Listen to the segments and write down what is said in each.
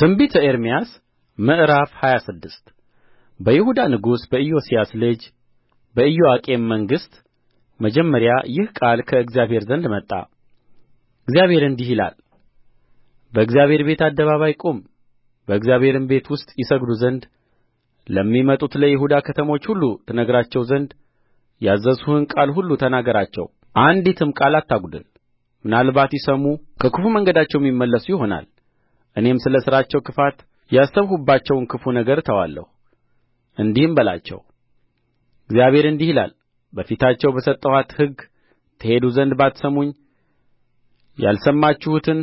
ትንቢተ ኤርምያስ ምዕራፍ ሃያ ስድስት በይሁዳ ንጉሥ በኢዮስያስ ልጅ በኢዮአቄም መንግሥት መጀመሪያ ይህ ቃል ከእግዚአብሔር ዘንድ መጣ እግዚአብሔር እንዲህ ይላል በእግዚአብሔር ቤት አደባባይ ቁም በእግዚአብሔርም ቤት ውስጥ ይሰግዱ ዘንድ ለሚመጡት ለይሁዳ ከተሞች ሁሉ ትነግራቸው ዘንድ ያዘዝሁህን ቃል ሁሉ ተናገራቸው አንዲትም ቃል አታጕድል ምናልባት ይሰሙ ከክፉ መንገዳቸውም ይመለሱ ይሆናል እኔም ስለ ሥራቸው ክፋት ያሰብሁባቸውን ክፉ ነገር እተዋለሁ እንዲህም በላቸው እግዚአብሔር እንዲህ ይላል በፊታቸው በሰጠኋት ሕግ ትሄዱ ዘንድ ባትሰሙኝ ያልሰማችሁትን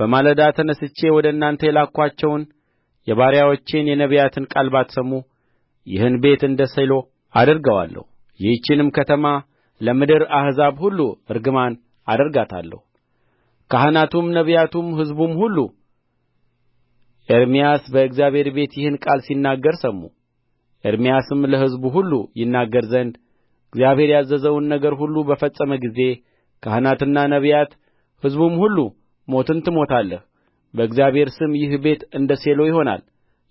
በማለዳ ተነሥቼ ወደ እናንተ የላክኋቸውን የባሪያዎቼን የነቢያትን ቃል ባትሰሙ ይህን ቤት እንደ ሴሎ አደርገዋለሁ ይህችንም ከተማ ለምድር አሕዛብ ሁሉ እርግማን አደርጋታለሁ ካህናቱም ነቢያቱም ሕዝቡም ሁሉ ኤርምያስ በእግዚአብሔር ቤት ይህን ቃል ሲናገር ሰሙ ኤርምያስም ለሕዝቡ ሁሉ ይናገር ዘንድ እግዚአብሔር ያዘዘውን ነገር ሁሉ በፈጸመ ጊዜ ካህናትና ነቢያት ሕዝቡም ሁሉ ሞትን ትሞታለህ በእግዚአብሔር ስም ይህ ቤት እንደ ሴሎ ይሆናል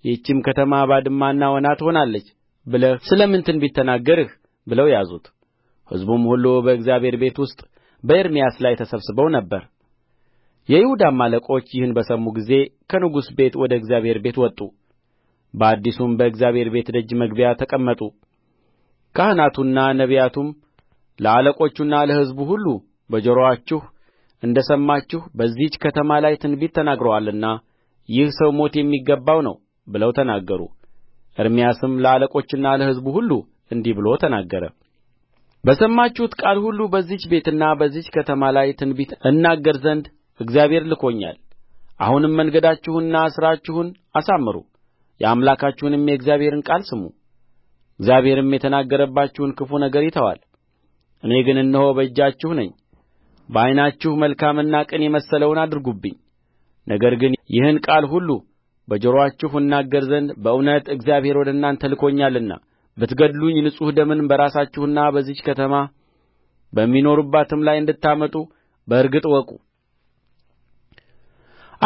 ይህችም ከተማ ባድማና ወና ትሆናለች ብለህ ስለ ምን ትንቢት ተናገርህ ብለው ያዙት ሕዝቡም ሁሉ በእግዚአብሔር ቤት ውስጥ በኤርምያስ ላይ ተሰብስበው ነበር የይሁዳም አለቆች ይህን በሰሙ ጊዜ ከንጉሥ ቤት ወደ እግዚአብሔር ቤት ወጡ በአዲሱም በእግዚአብሔር ቤት ደጅ መግቢያ ተቀመጡ ካህናቱና ነቢያቱም ለአለቆቹና ለሕዝቡ ሁሉ በጆሮአችሁ እንደ ሰማችሁ በዚህች ከተማ ላይ ትንቢት ተናግረዋልና ይህ ሰው ሞት የሚገባው ነው ብለው ተናገሩ ኤርምያስም ለአለቆችና ለሕዝቡ ሁሉ እንዲህ ብሎ ተናገረ በሰማችሁት ቃል ሁሉ በዚህች ቤትና በዚህች ከተማ ላይ ትንቢት እናገር ዘንድ እግዚአብሔር ልኮኛል አሁንም መንገዳችሁንና ሥራችሁን አሳምሩ የአምላካችሁንም የእግዚአብሔርን ቃል ስሙ እግዚአብሔርም የተናገረባችሁን ክፉ ነገር ይተዋል እኔ ግን እነሆ በእጃችሁ ነኝ በዓይናችሁ መልካምና ቅን የመሰለውን አድርጉብኝ ነገር ግን ይህን ቃል ሁሉ በጆሮአችሁ እናገር ዘንድ በእውነት እግዚአብሔር ወደ እናንተ ልኮኛልና ብትገድሉኝ ንጹሕ ደምን በራሳችሁና በዚህች ከተማ በሚኖሩባትም ላይ እንድታመጡ በእርግጥ እወቁ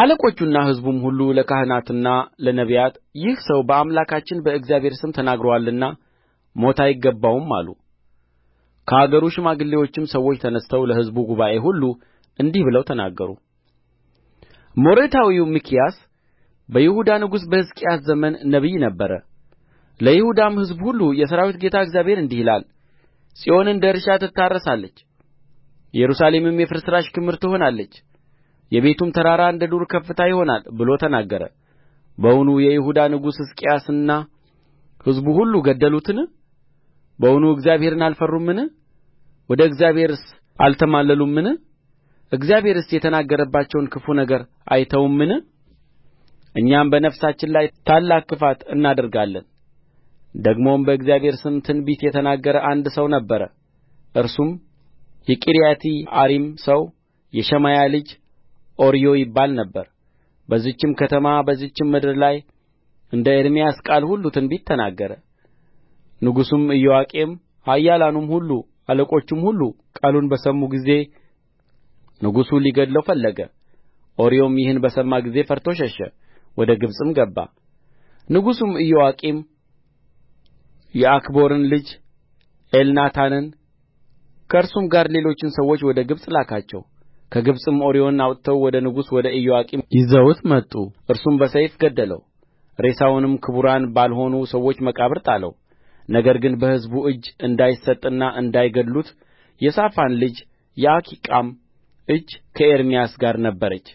አለቆቹና ሕዝቡም ሁሉ ለካህናትና ለነቢያት ይህ ሰው በአምላካችን በእግዚአብሔር ስም ተናግሮአልና ሞት አይገባውም አሉ ከአገሩ ሽማግሌዎችም ሰዎች ተነሥተው ለሕዝቡ ጉባኤ ሁሉ እንዲህ ብለው ተናገሩ ሞሬታዊው ሚክያስ በይሁዳ ንጉሥ በሕዝቅያስ ዘመን ነቢይ ነበረ ለይሁዳም ሕዝብ ሁሉ የሠራዊት ጌታ እግዚአብሔር እንዲህ ይላል ጽዮን እንደ እርሻ ትታረሳለች ኢየሩሳሌምም የፍርስራሽ ክምር ትሆናለች የቤቱም ተራራ እንደ ዱር ከፍታ ይሆናል ብሎ ተናገረ በውኑ የይሁዳ ንጉሥ ሕዝቅያስና ሕዝቡ ሁሉ ገደሉትን በውኑ እግዚአብሔርን አልፈሩምን ወደ እግዚአብሔርስ አልተማለሉምን እግዚአብሔርስ የተናገረባቸውን ክፉ ነገር አይተውምን እኛም በነፍሳችን ላይ ታላቅ ክፋት እናደርጋለን ደግሞም በእግዚአብሔር ስም ትንቢት የተናገረ አንድ ሰው ነበረ እርሱም የቂርያትይዓሪም ሰው የሸማያ ልጅ ኦርዮ ይባል ነበር በዚህችም ከተማ በዚህችም ምድር ላይ እንደ ኤርምያስ ቃል ሁሉ ትንቢት ተናገረ ንጉሡም ኢዮአቄም ኃያላኑም ሁሉ አለቆቹም ሁሉ ቃሉን በሰሙ ጊዜ ንጉሡ ሊገድለው ፈለገ ኦርዮም ይህን በሰማ ጊዜ ፈርቶ ሸሸ ወደ ግብጽም ገባ ንጉሡም ኢዮአቄም የአክቦርን ልጅ ኤልናታንን ከእርሱም ጋር ሌሎችን ሰዎች ወደ ግብጽ ላካቸው ከግብጽም ኦርዮን አውጥተው ወደ ንጉሡ ወደ ኢዮአቄም ይዘውት መጡ እርሱም በሰይፍ ገደለው ሬሳውንም ክቡራን ባልሆኑ ሰዎች መቃብር ጣለው ነገር ግን በሕዝቡ እጅ እንዳይሰጥና እንዳይገድሉት የሳፋን ልጅ የአኪቃም እጅ ከኤርምያስ ጋር ነበረች